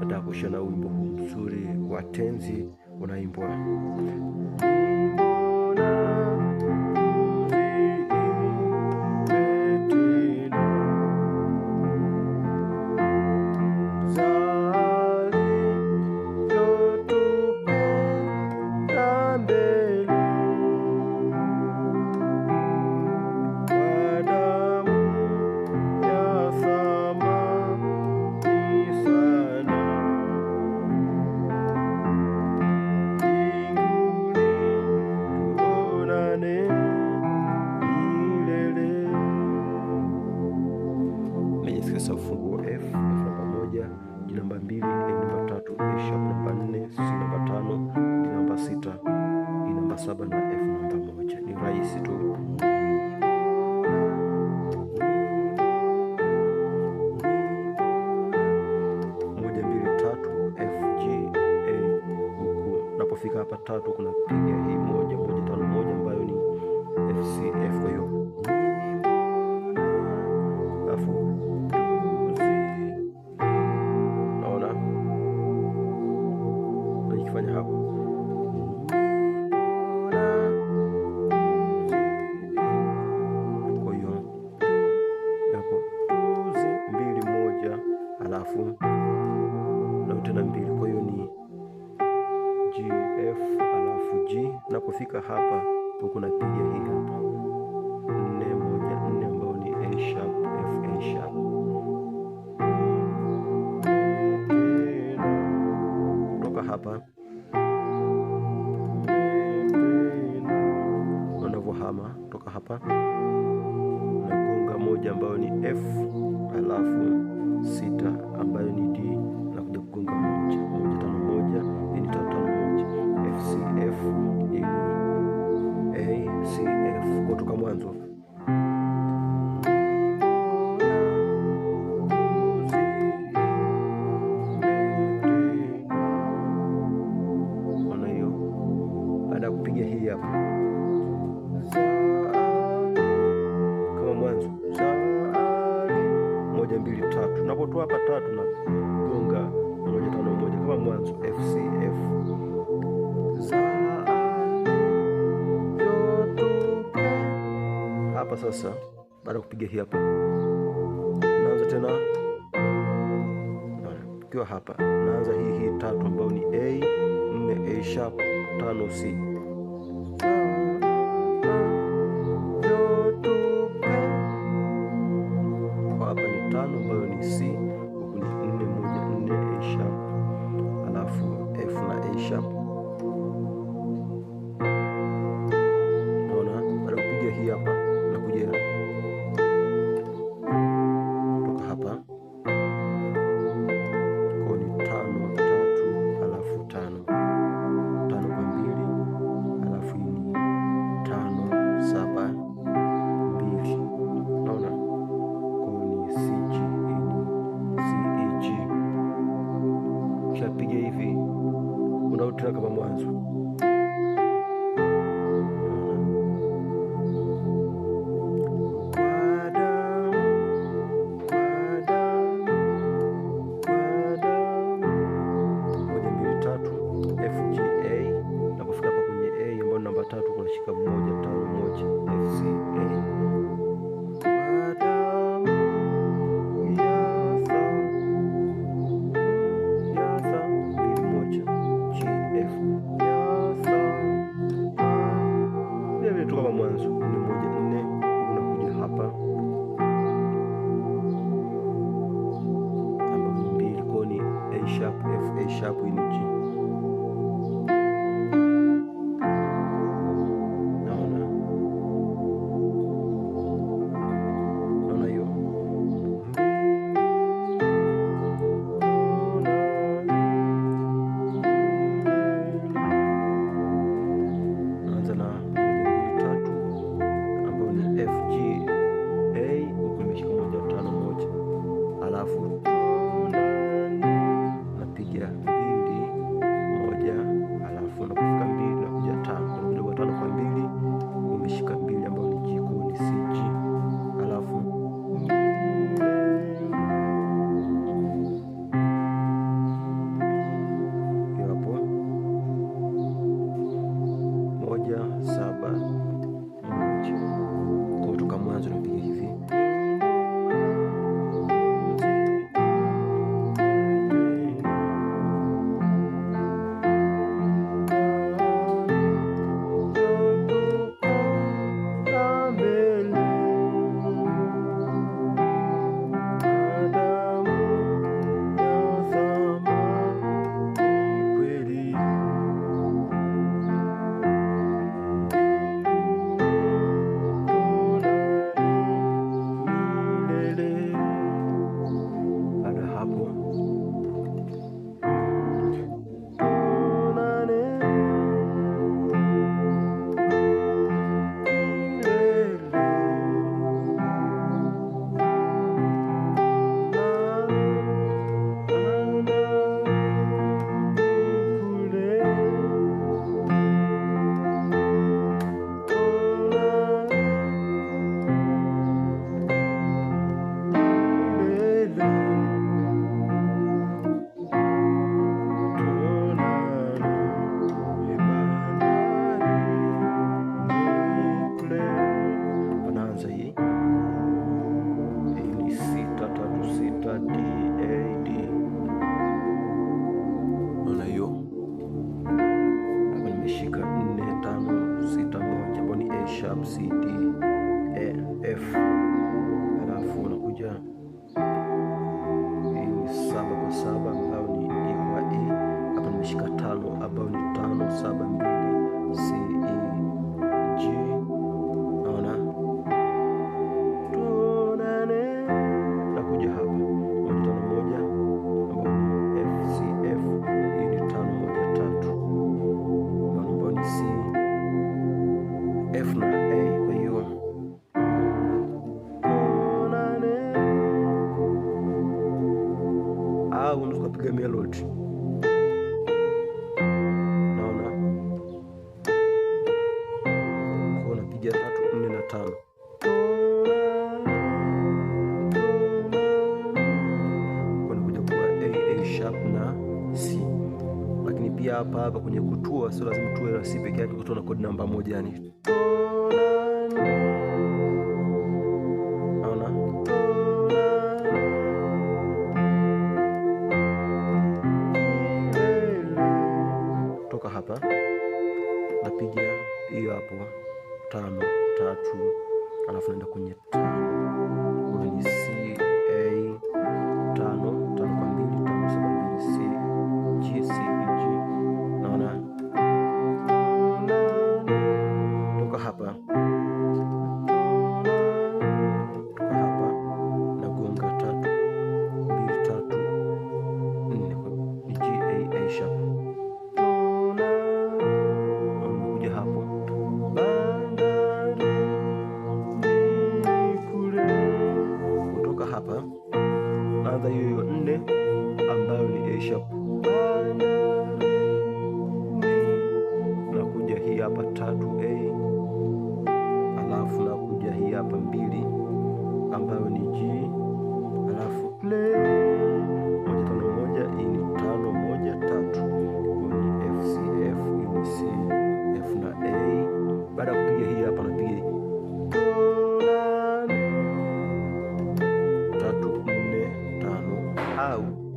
Nataka na wimbo huu mzuri wa tenzi unaimbwa G namba mbili, A namba tatu, A sharp namba nne, C namba tano, D namba sita, E namba saba na F namba moja. Ni rahisi tu. na yote na mbili, kwa hiyo ni G F alafu G. Napofika hapa huku napiga hii hapa nne moja nne ambayo ni A sharp F A sharp kutoka hapa hama kutoka hapa nagonga moja ambayo ni F alafu sita ambayo ni D na kuja kugonga moja moja tano moja, ni tano tano moja FCF e, A C F kutoka mwanzo sasa, baada ya kupiga hii hapa, naanza tena ukiwa hapa, naanza hii hii tatu ambayo ni A 4 A sharp 5 C pia hapa hapa kwenye kutua, sio lazima tuwe na C peke yake, kutua na kodi namba moja yani napiga hiyo hapo tano tatu, alafu naenda kwenye tano hapa tatu a, alafu nakuja hii hapa mbili ambayo ni G, alafu play moja tano moja, hii ni tano moja tatu, ni F C F ni e, C F na A. Baada ya kupiga hii hapa napiga tatu nne tano au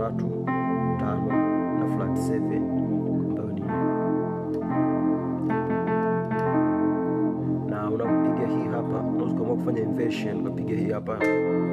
tatu tano na flat 7 ambayo ni na unapiga hii hapa, unaweza kufanya inversion ukapiga hii hapa